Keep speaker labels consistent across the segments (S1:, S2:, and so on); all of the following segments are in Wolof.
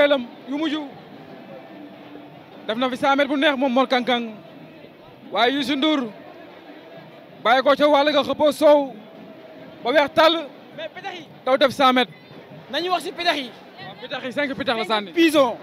S1: ñetteelam yu mujj def na fi saamet bu neex moom Mor Kang waaye Youssou Ndour bàyyi ko ca wàll nga xëppoo soow ba weex tàll mais pitax yi daw def saamet nañu wax si pitax yi waaw pitax yi cinq pitax la sànni pison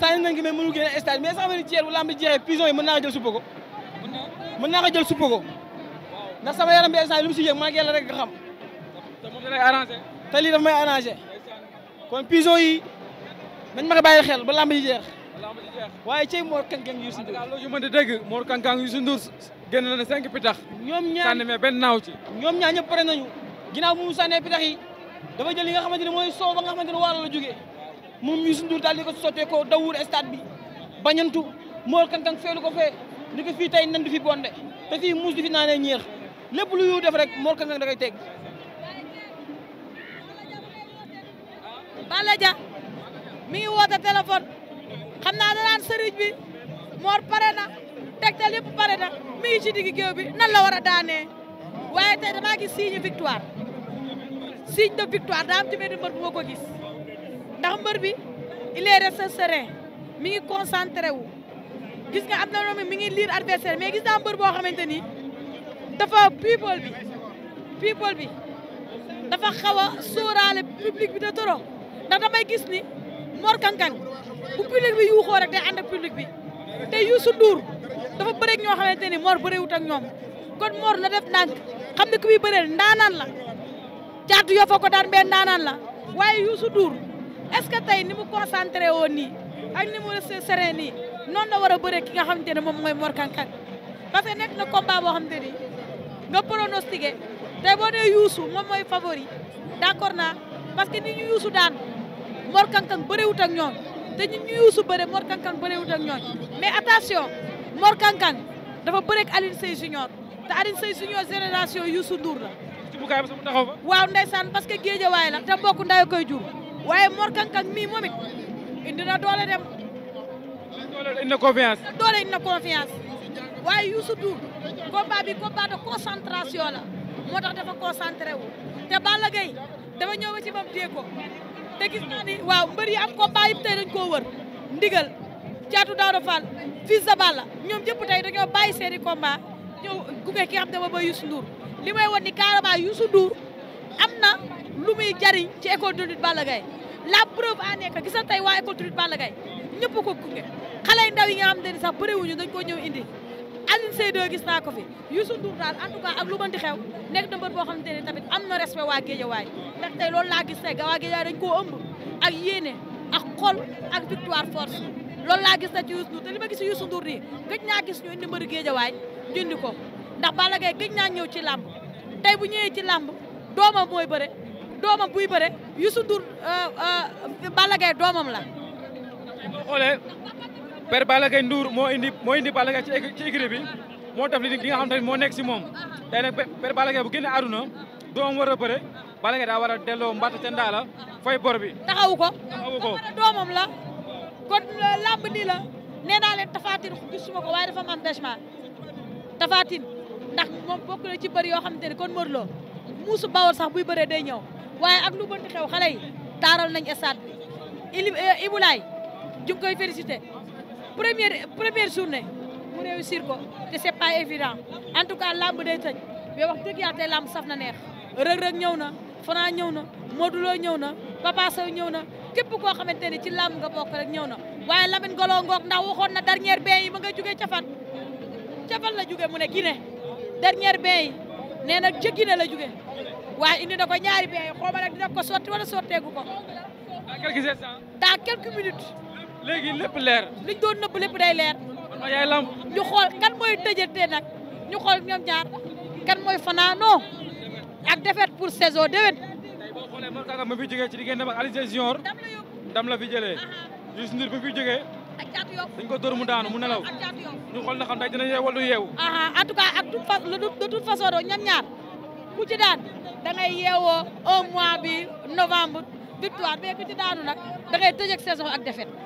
S1: sànni nañ ki mais mënul génn stade mais sax mel ni ceer bu lamb bi jeexee pison yi mën naa ko jël suppa ko mën naa jël suppa ko ndax sama yaram bi instant lu mu si yëg maa ngi yàlla rek nga xam te lii may arrangé kon pison yi nañ ma ko bàyyi xel ba lamb ji jeex waaye cey Mor Kankang Youssou Ndour yu mën di dégg Mor Kankang Youssou Ndour génn na cinq pitax ñoom ñaar sànni mais benn naaw ci ñoom ñaar ñëpp pare nañu ginnaaw bu mu sànnee pitax yi dafa jël li nga xamante ne mooy soow ba nga xamante ne waalo la jógee moom Youssou Ndour daal di ko sottee ko dawur stade bi bañantu Mor Kankang feelu ko fee ni ko fii tey nan fi bonde te fii muus di fi naanee ñeex lépp lu def rek Mor Kankang da koy teg
S2: mi ngi woote téléphone xam naa da daan bi moor pare na tegtal yëpp pare na mi ngi ci digg géew bi nan war a daanee waaye tey damaa gis signe victoire signe de victoire daa am ci benn mbër bu ma ko gis ndax mbër bi il est mi ngi concentré wu gis nga am na loo mi ngi liir adversaire mais gis naa mbër boo xamante ni dafa people bi people bi dafa xaw a sóoraale bi de trop ndax damay gis ni Mor Kankang bu public bi yuuxoo rek day ànd ak public bi te Youssou Ndour dafa bëreeg ñoo xamante ni Mor bëreewut ak ñoom kon Mor la def ndànk xam ne ku muy la caatu yoo ko daan bee ndaanaan la waaye Youssou Ndour est-ce que tey ni mu concentré woon nii ak ni mu resté serein nii noonu la war a bëree ki nga xamante ne moom mooy Mor Kankang parce que nekk na combat boo xamante ni nga pronostiqué tey boo nee Youssou moom favori d'accord naa parce ni ñu Youssou Mor Kankang bëriwut ak te ñun ñu yuusu bëre Mor Kankang bëriwut ak ñoom mais attention Mor Kankang dafa bëreeg Alioune Seye Junior te Alioune Seye Junior génération Youssou Ndour la. waaw ndeysaan parce que géejawaay la te mbokk nday koy jur waaye Mor Kankang mii moom indi na doole dem.
S1: doole indi na confiance.
S2: doole indi na confiance waaye Youssou Ndour combat bi combat de concentration la moo tax dafa concentré wu te Balla Gaye dafa ñëw ba ci moom dégg ko te gis naa ni waaw mbër yi am combat yëpp tey dañ koo wër ndigal caatu Daouda Fall fils de Balla ñoom ñëpp tey dañoo bàyyi seen i combat ñëw gunge ki xam dama ba Youssou Ndour li may won ni carrément Youssou Ndour am na lu muy jariñ ci école de lutte Balla Gaye la preuve en est que gis na tey waa école de lutte Balla ñëpp ko gunge xale yu ndaw yi nga xam ne sax dañ ko ñëw indi Aline Seydoux gis naa ko fi Youssou Ndour daal en tout cas xew nekk na boo xamante ne tamit am na respect waa Guédiawaye ndax tey loolu laa gis tey ga waa Guédiawaye dañ koo ëmb ak yéene ak xol ak victoire force loolu laa gis na ci Youssou Ndour te gis Youssou Ndour nii gëj naa gis ñu indi mbëri Guédiawaye jëndi ko ndax Balla Gaye gëj naa ñëw ci làmb tey bu ñëwee ci làmb doomam mooy bëre doomam buy bëre Youssou Ndour euh, euh, Balla Gaye doomam la
S1: père Balla Gaye Ndour moo indi moo indi Balla Gaye ci écurie bi moo def li li nga xam ne moo nekk si moom tey nag père Balla Gaye bu génne àdduna doom war a bëre Balla Gaye daa war a delloo
S2: mbatt ca ndaa la fay bor bi taxawu ko taxawu ko doomam la kon euh, làmb nii la nee naa leen tafaatin gisuma ko waaye dafa am empêchement tafaatin ndax moom bokk na ci bëri yoo xamante ne kon Modou Lo muusu bawol sax buy bëree day ñëw waaye ak lu bënti xew xale yi taaral nañ stade bi euh, Ibou Laye première première journée mu réussir ko te c'est pas évident en tout cas làmb day tëj mais wax dëgg yàlla tey làmb saf na neex rëg-rëg ñëw na Franc ñëw na Modou ñëw na Papa ñëw na képp koo xamante ni ci làmb nga bokk rek ñëw na waaye Lamine Golo ngoog ndax waxoon na dernière bain yi ma nga jógee cafan cafan la jóge mu ne Guinée dernière bain yi nee na ca Guinée la jóge waaye indi na ko ñaari bain yi xooma nag ko sotti wala sotteegu ko dans quelques instants léegi lépp leer. liñ doon nëbb lépp day leer. man yaay lamb. ñu xool kan mooy tëjante nag ñu xool ñoom ñaar kan mooy fanaanoo ak défaite pour saison déwén.
S1: tey boo xoolee ma fi jógee ci diggante ak Alioune Junior ndam la fi jëlee. Youssou Ndour ba fi jógee.
S2: ak caatu dañ ko dóor mu daanu mu nelaw. ak ñu xool na
S1: xam ndax dina yeewal du yeewu.
S2: en tout cas ak toute fa de toute façon do ñam ñaar ku ci daan da ngay yeewoo un mois bi novembre victoire mais ku ci daanu nag da ngay tëj ak saison ak défaite.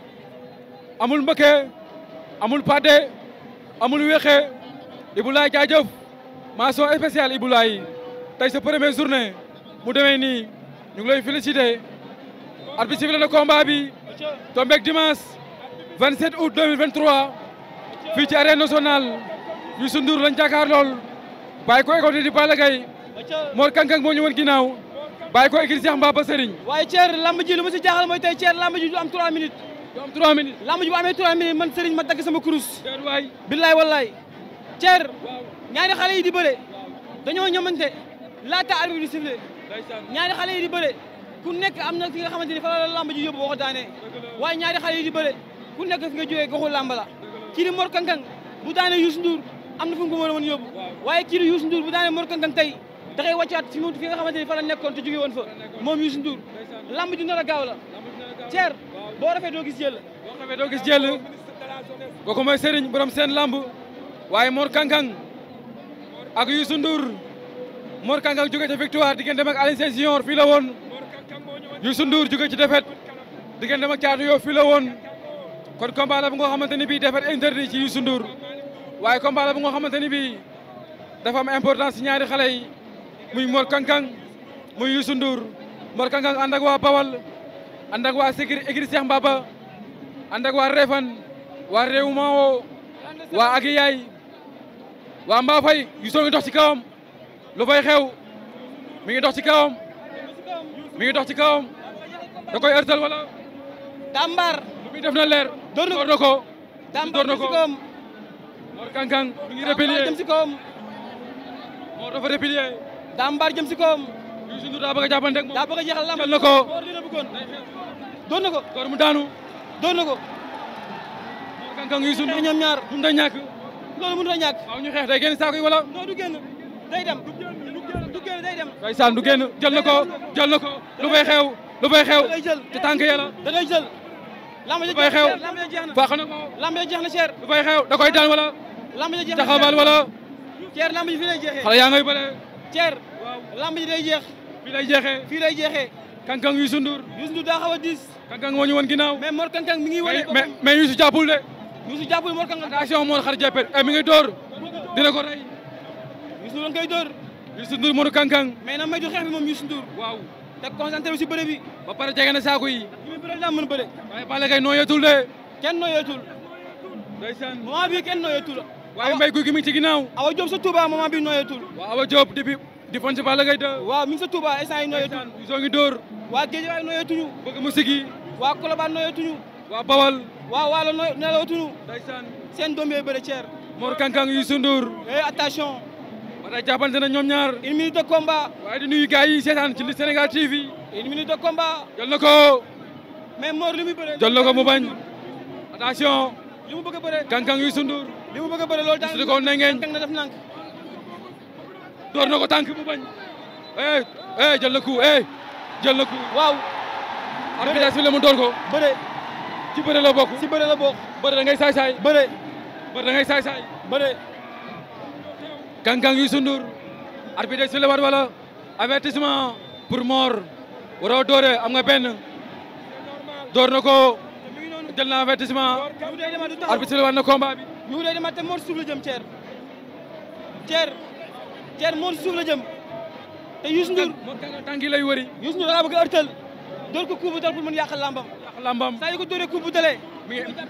S1: amul mbëkkee amul pàdde amul weexee Ibulaay jaajëf mention spéciale Ibulaay tey sa première journée mu demee nii ñu ngi lay félicité arbitre sifflé na combat bi tombeeg dimanche 27 août 2023 fii ci arène nationale Youssou Ndour lañ jàkkaar lool bàyyi ko école di Balla Gaye Mor Kankang moo ñu woon ginnaaw bàyyi ko écrit Cheikh Mbaba Serigne waaye Thierry lamb ji lu mu si jaaxal mooy tey Thierry lamb ji du am 3 minutes doom 3 minutes. lamb ji bu amee 3 minutes man Serigne ma dagg sama kurus. déedéet waay billaay wallaay. Thier ñaari xale yi di bëre dañoo ñamante laata arbitre bi di sifflé ñaari xale yi di bëre ku nekk am na fi nga xamante ni fa la lamb ji yóbbu boo ko daanee ñaari xale yi di bëre ku nekk fi nga jógee goxu lamb la kii di Mor Kankang bu daanee Youssou Ndour am na fu mu ko mën a mën yóbbu waaye kii di Youssou Ndour bu daanee Mor Kankang tey da koy wàccaat fi mu fi nga xamante ni fa la nekkoon te woon fa moom Youssou Ndour ji nar a gaaw la Thier boo defee doo gis jël. boo defee doo gis jël kooku mooy Serigne borom seen lamb waaye Mor Kankang ak Youssou Ndour Mor Kankang jóge ci victoire digganteem ak Alioune Sèye Junior fii la woon Youssou Ndour jóge ci défaite digganteem ak Thiatou Yoff fii la woon kon combat la bi, nga xamante ni bii défaite interdit ci Youssou Ndour waaye combat la bu nga xamante ni dafa am importance ñaari xale yi muy Mor Kankang muy Youssou Ndour Mor Kankang ànd ak waa ànd ak waa Sikir Igri Cheikh Mbaba ànd waa Refan waa Réewuma woo waa Agi waa Mbaa Fay Youssou dox ci kawam lu fay xew mi ngi dox ci kawam mi ngi dox ci kawam da koy ërtal wala. def na leer. door na ko door na ko Mor Kankang mi ngi replier jëm si kawam. Mor dafa replier. Tambar jëm doon na ko door mu daanu doon na ko ñoom kankang yu sunu ñoom ñaar mënut a ñàkk loolu mënut a ñàkk waaw ñu xeex day génn saako yi wala non du génn day dem du génn day dem day saan du génn jël na ko jël na ko lu fay xew lu fay xew ci tànk ya la da ngay jël lamb ja jeex na faax na ko lamb ja jeex na cher lu fay xew da koy daan wala lamb ja jeex na taxawal wala cher lamb ji fii lay jeexee xale yaa ngay bëre cher lamb ji day jeex fii lay jeexee fii lay jeexee kankang Youssou Ndour Youssou Ndour daa xaw a diis kankang moo ñu woon ginnaaw mais Mor kankang mi ngi wane mais mais Youssou jàppul de Youssou jàppul Mor kankang attention Mor xar jàppee eh, ko rey Youssou Ndour ngay door Youssou Ndour mais na may ju xeex bi moom Youssou Ndour waaw te concentré si bëre bi ba pare jege na saako yi mi bëre daa mën bëre waaye Balla Gaye nooyeetul de kenn nooyeetul ndeysaan moment bi kenn mbay guy gi mi ci ginnaaw awa Diop sa Touba moment bi nooyeetul waaw awa Diop depuis di fan si Balla Gaye 2 waaw mi ngi sa Touba instant yi nooyeetuñu soo ngi dóor waa géej waay nooyeetuñu bëgg mu sigi waa Colobane nooyeetuñu waa Bawal waa Waalo nelawtuñu ndeysaan seen doom yooyu bëri ceer Mor Kankang yu sunduur eh attention ba na ñoom ñaar une minute de combat waaye di nuyu gars yi seetaan ci li Sénégal TV une minute de combat jël na ko li muy bëre jël na ko mu bañ attention li mu bëgg a bëre Kankang yu li mu bëgg a bëre door na ko tànk bu bañ. eh eh jël na coup eh jël na coup waaw. arbitre bi le mu door ko. beure ci beure la bokk. ci beure la bokk. beure da ngay say say beure beure da ngay say say beure Kang-Kang Youssou Ndour. arbitre bi la war wala avertissement pour mort waroo doore am nga ben door na ko jël na avertissement. arbitre bi la war na combat bi. ñu ngi lay demaat te mort suuf la jëm Thier Thier. teen moom suuf la jëm te Youssou Ndour tànk lay wëri Youssou Ndour dangaa bëgg a ërtal door ko coup bu mën yàq lambam yàq ko dóoree coup bu dalee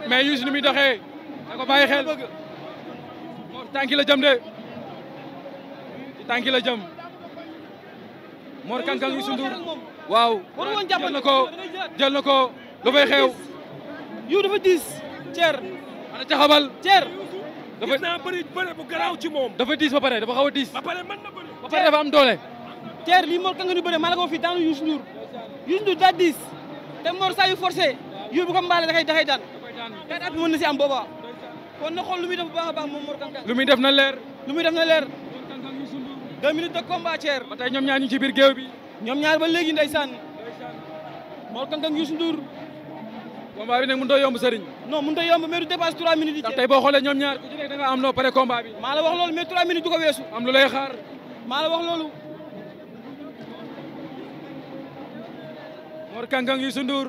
S1: mais Youssou ni muy da ko bàyyi tànk la jëm de ci la jëm Mor Kang Kang Youssou Ndour waaw jël na ko jël na ko xew yu dafa diis Thier ana caxabal Thier dafa naa bëri bëri bu ci moom. dafa diis ba pare dafa xaw a diis. ba pare mën na bëri. ba pare dafa am doole. teer lii Mor Kanga bëre maa la ko fi daanu Youssou Ndour Youssou Ndour daa diis te Mor saa yu forcé yu bu ko mbaale da koy da koy daan kat at bi mën na si am booba kon na xool lu muy def bu baax a baax moom Mor Kanga. lu muy def na leer. lu muy def na leer. deux minutes de combat Thier. ba tey ñoom ñaar ñu ci biir géew bi. ñoom ñaar ba léegi ndeysaan Mor Kanga Youssou Ndour combat bi nag mënut a yomb Serigne. non mënut a yomb mais du dépasse 3 minutes yi. boo xoolee ñoom ñaar da nga am loo pare combat bi. maa la wax loolu mais 3 minutes du ko weesu. am lu lay xaar. maa la wax loolu. Mor Kankang Youssou Ndour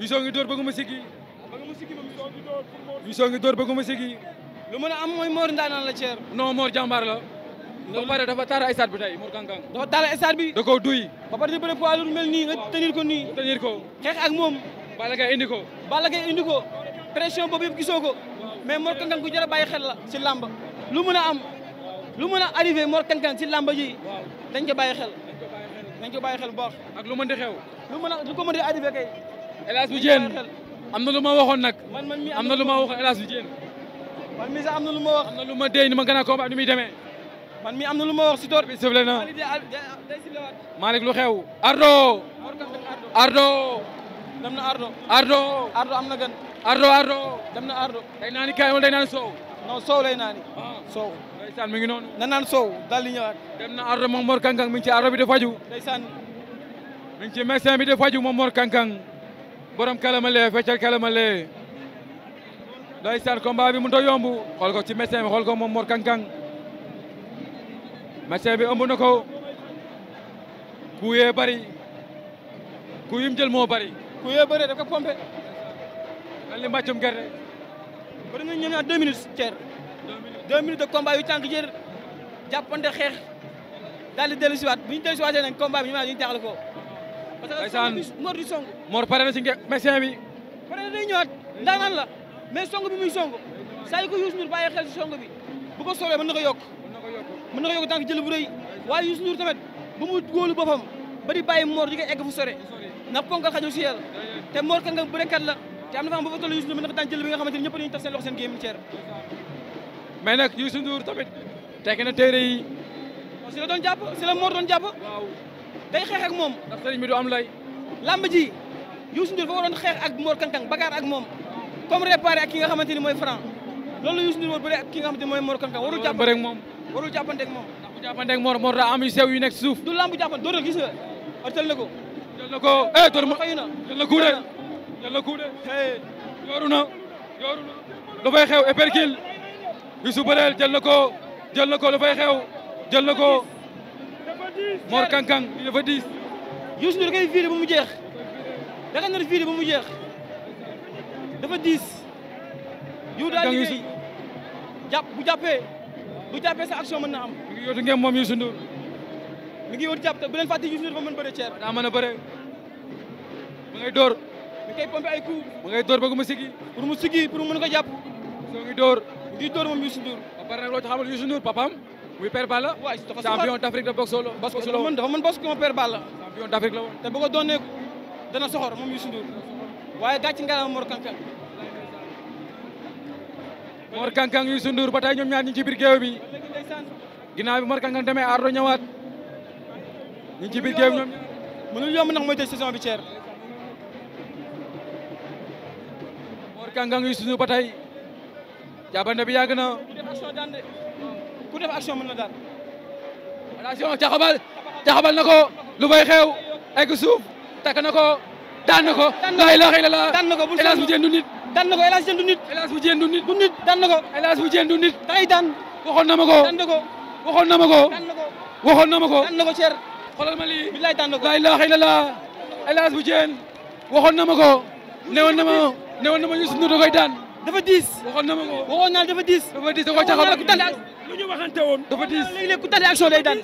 S1: Youssou ngi dóor bëggu ma siggi. bëggu ma siggi moom Youssou ngi dóor bëggu lu mën a am mooy Mor ndaanaan la Thier. non Mor jàmbaar la. ba pare dafa taal ay bi tey Mor Kankang. dafa taal stade bi. da koo duy. ba di bëre poids lu mel nii tenir ko nii. tenir ko xeex ak moom. Balla Gaye indi ko. Balla Gaye indi ko pression boobu yëpp gisoo ko mais Mor Kankan ku jar a bàyyi xel la si làmb lu mën a am lu mën a arrivé Mor Kankan si làmb ji dañ ko bàyyi xel. dañ ko bàyyi xel bu baax. ak lu mën di xew. lu mën a lu ko mën di arrivé kay. El Hadj bu Dieng am na lu ma waxoon nag. man man mii am na lu ma waxoon El Hadj bu Dieng. man mii sax am na lu ma wax. am lu ma dee ni ma gën a combat ni muy demee. man mii am na lu ma wax si tool bi sëfle na Malick lu xew. Ardo Ardo. demna na Ardo. Ardo. Ardo am na gan. Ardo Ardo. dem na Ardo. day naan kaay wala day naan soow. non soow lay naan. Ah. soow. ndeysaan mi ngi noonu. na naan soow daal di ñëwaat. dem Ardo moom Mor Kankang mi ci Ardo bi di faju. ndeysaan. mi ngi ci médecin bi di faju moom Mor Kankang. borom kalama le feccal kalama le ndeysaan combat bi mënut a yomb. xool ko ci médecin bi xool ko moom Mor Kankang. médecin bi ëmb na ko. bari. ku jël moo bari. ku yee bëree daf ko pompé. mel ni mbàccum gerte. bëri na ñu naan deux minutes ceer. deux minutes de combat yu tànk jër jàppante xeex daal di dellusiwaat bu ñu dellusiwaatee nag combat bi ñu ma ñu jaaxle ko. parce que Mor di song. Mor pare na si nge médecin bi. pare na day ñëwaat ndaanaan la mais song bi muy song saa yu ko Youssou Ndour bàyyi xel si song bi bu ko soobee mën na ko yokk. mën na ko yokk tànk jël bu rëy waaye Youssou Ndour tamit ba mu góolu boppam ba di bàyyi Mor di ko ndax ponkal xajul si yàlla te Mor Kang Kang bërekat la te am na fa am ba fa toll Youssou Ndour mën na ko daan jël bi nga xamante ni ñëpp dañuy taf seen loxo seen géem ceer mais nag Youssou Ndour tamit tekki na téere yi si la doon jàpp si la Mor doon jàpp waaw day xeex ak moom ndax sëriñ bi du am lay lamb ji Youssou Ndour fa waroon xeex ak Mor Kang Kang bagaar ak moom comme réparé ak ki nga xamante ni mooy franc loolu la Youssou Ndour war bëre ak ki nga xamante ni mooy Mor Kang Kang warul jàppante ak moom warul jàppante ak moom ndax bu jàppante ak Mor Mor daa am yu sew yu nekk si suuf du lamb jàppante doo gis nga ërtal na ko jël na ko eh tor ma jël na kuude jël na kuude yooru na xew éperkil Youssou Baldé jël na ko jël na ko lu fay xew jël na ko Mor Kankang dafa diis Youssou da koy viré ba mu jeex da nga nar viré ba mu jeex dafa diis yu daal liggéey jàpp bu jàppee bu jàppee sa action mën naam am mi ngi yootu ngeen moom Youssou Ndour mi ngi yóotu jàpp te bu leen fàtte Youssou mën bëre ceer a bëre ma ngay door mi ngi koy pompé ay coups ma ngay door bëgg mu sigi pour mu sigi pour mu mën ko jàpp soo ngi door ngi door moom Youssou Ndour ba pare nag loo ci muy Père Balla champion d'Afrique de boxe solo boxe solo mën dafa mën boxe moom Père Balla champion d'Afrique la woon te bu ko doonee dana soxor moom Youssou Ndour waaye gàcc Mor Kankang Mor Kankang Youssou Ndour ba tey ñoom ñaar ñi ci biir géew bi ginnaaw bi Mor Kankang demee Ardo ñëwaat ñi ci biir géew ñoom mënul yomb ndax mooy tëj saison bi Thier Zarka nga ngi suñu ba tey jàppante bi yàgg na. ku def action daan de ku def action mën na daan. attention caxabal caxabal na ko lu fay xew egg suuf takk na ko daan na ko. la ilaha illallah daan na ko bul Elhadj bu Diène du nit. daan na ko Elhadj Diène du nit. Elhadj bu Diène du nit du nit daan na ko. Elhadj bu Diène du nit. tay daan waxoon na ma ko daan na ko. waxoon na ma ko daan na ko. waxoon na ma ko daan na ko cer. xoolal ma lii billaay daan na ko la ilaha illallah Elhadj bu Diène waxoon na ma ko newoon na ma. ne woon na ma Youssou Ndour da daan. dafa diis
S2: waxoon na ma ko waxoon naa dafa diis. dafa diis da koy woon. dafa diis léeg-léeg ku tane action lay daan.